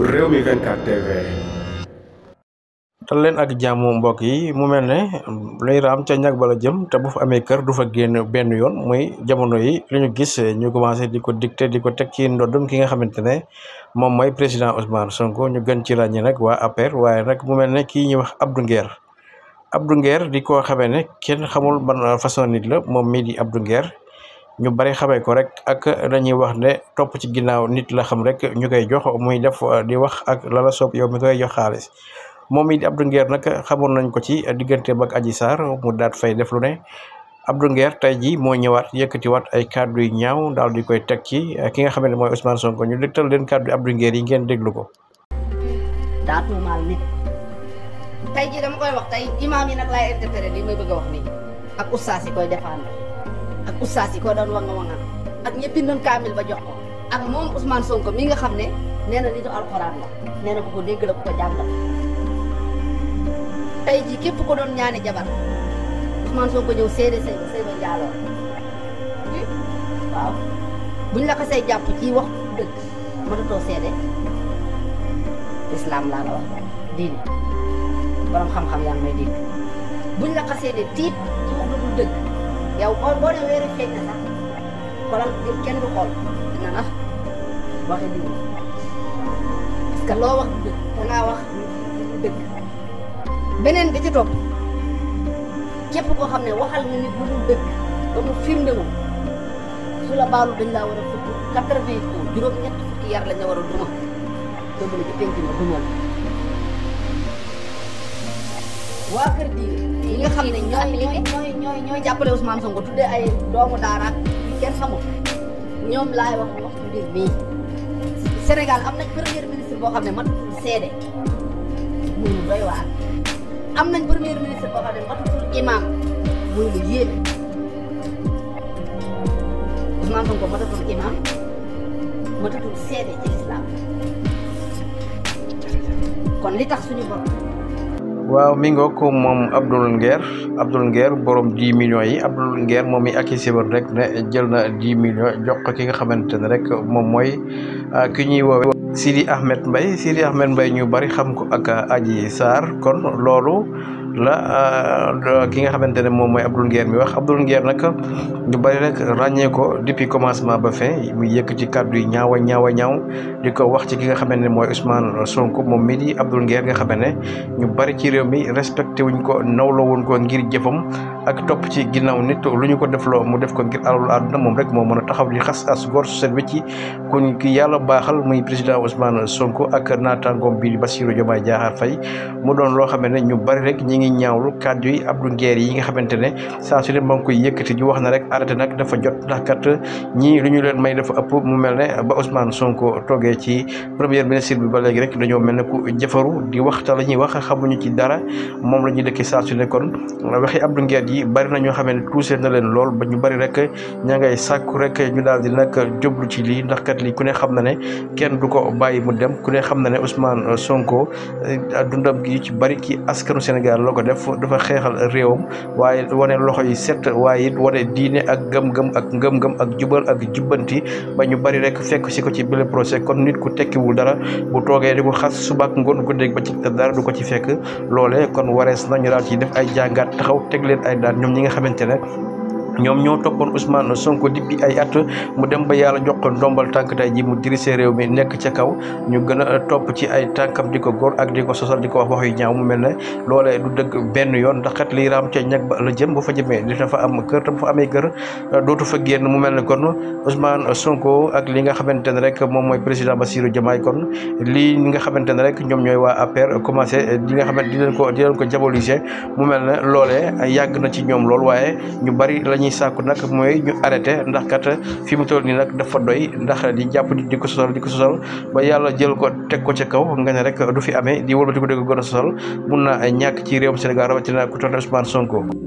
Rewmi 24 TV. dal leen ak jàmm mbokk yi mu mel ne lay raam ca ñag bala jëm te bu fa amee kër du fa génn benn yoon mooy jamono yi li gis ñu commencé di ko dicté di ko teg ci ndoddum ki nga xamante ne moom mooy président Ousmane Sonko ñu gën ci ràññi nag waa APR waaye rek mu mel ne kii ñuy wax Abdou Nguer Abdou Nguer di ko xamee ne kenn xamul ban façon nit la moom mii di Abdou Nguer ñu bari xamee ko rek ak dañuy wax ne topp ci ginnaaw nit la xam rek ñu koy jox muy def euh, di wax ak lala soob yow mi koy jox xaalis moom it Abdou Nguer nag xamoon nañ ko ci diggante bak Adji Sarr mu daat fay def lu ne Abdou Nguer tey jii moo ñëwaat yëkkatiwaat ay kàddu yu ñaaw daal di koy teg ci ki nga xam ne mooy Ousmane Sonko ñu dégtal leen kàddu yi Abdou Nguer yi ngeen déglu ko. ak oustaz yi ko doon wanga wanga ak ñëpp bindoon kaamil ba jox ko ak moom Ousmane Sonko mi nga xam ne nee na nitu alxuraan la nee na ku ko dégg la ku ko jàngal jii képp ko doon ñaani jabar Ousmane Sonko ñëw seede say say ba waaw buñ la xasee jàpp ci wax dëgg mënatoo seede islam laa la wax diine borom xam-xam yaa may dégg buñ la xasee ne tiit ci wax dëgg yow xool boo nee weeru feeñ na sax xoolal kenn du xool dina nax waxe lii parce que loo wax dëgg dangaa wax dëgg beneen bi ci topp képp koo xam ne waxal na nit bu dul dëgg ba mu firnde wu su la baalu dañ war a fukk quatre-vingts juróom-ñett fukki yar lañ war a duma doomu la ci penc ma dumal waa kër nga xam ne ñooy ñooy ñooy ñooy jàppale Ousmane Sonko tuddee ay doomu daara yu kenn xamul ñoom laay wax wax ci mbir mii Sénégal am nañ premier ministre boo xam ne matul seede muy lu doy waar am nañ premier ministre boo xam ne matul imam imam matatul seede ci lislaam kon li tax suñu borom waaw mi ngoog moom Abdoul Nguer Abdoul ngeer borom 10 millions yi Abdoul Nguer moom mi accusé woon rek ne jël na 10 millions jox ki nga xamante ne rek moom mooy ah, ki ñuy woowe Sidi Ahmed mbay Sidi Ahmed mbay ñu bari xam ko ak Adji Sarr kon loolu la ah, ki nga xamante ne moom mooy Abdoul Nguer mi wax Abdoul Nguer nag ñu bari rek ràññee ko depuis commencement ba fin mu yëkk ci kàddu yi ñaaw a ñaaw a di ko wax ci ki nga xamante ne Ousmane Sonko moom mii di Abdoul Nguer nga xamante ne ñu bari ci réew mi respecté wuñ ko nawloo woon ko ngir jëfam ak topp ci ginnaaw nit lu ñu ko defloo mu def ko ngir alul àdduna moom rek moo mën a taxaw di xas as gor su set wecci kuñ ki yàlla baaxal muy président Ousmane Sonko ak naataangoom bi Bassirou Diomaye Diakhar Faye mu doon loo xam ñu bari rek ñi ngi ñaawlu kàddu yi Abdou Nguer yi nga xamante ne saa su ne ma ngi koy yëkkati ju wax na rek arrêté nag dafa jot ndax kat ñii lu ñu leen may dafa ëpp mu mel ne ba Ousmane Sonko bi ba léegi rek dañoo mel ne ku jëfaru di waxta la ñuy wax xamuñu ci dara moom la ñuy dëkkee saa su ne kon waxi Abdou Nguer yi bari na ñoo xam ne tuusee na leen lool ba ñu bari rek ña ngay sàkku rek ñu daal di nag jublu ci lii ndax kat lii ku ne xam na ne kenn du ko bàyyi mu ku ne xam na ne dundam gi ci bari ci askanu Sénégal la ko def dafa xeexal réewam waaye wane loxo yi set waaye it wane diine ak gëm-gëm ak ngëm ak jubal ak jubbanti ba ñu bari rek fekk si ko ci bile procès kon nit ku tekkiwul dara bu toogee di ko xas suba ak ngoon guddeeg ba ci dara du ko ci fekk loole kon warees na ñu daal ci def ay jàngaat taxaw teg leen ay daan ñoom ñi nga xamante ne ñoom ñoo toppoon Ousmane Sonko dippi ay at mu dem ba yàlla jox ko ndombal tànk tey ji mu dirisé réew mi nekk ca kaw ñu gën a ci ay tànkam di ko góor ak di ko sosal di ko wax wax yu ñaaw mu mel ne loolee du dëgg benn yoon ndax xet liy raam ca ñag ba la jëm bu fa jëmee dina fa am kër te bu fa amee kër dootu fa génn mu mel ne kon Ousmane Sonko ak li nga xamante ne rek moom mooy président Bassirou Diomaye kon lii nga xamante ne rek ñoom ñooy waa APR commencé di nga xamante di leen ko di leen ko diaboliser mu mel ne loolee yàgg na ci ñoom lool waaye ñu bari lañ ñuy sàkku nag mooy ñu arrêté ndax kat fi mu toll nii nag dafa doy ndax di jàpp di ko sosal di ko ba yàlla jël ko teg ko ca kaw nga ne rek du fi amee di wëlbati ko dégg gën a sosal mun na ñàkk ci réewum Sénégal rawatina ku toll Ousmane Sonko.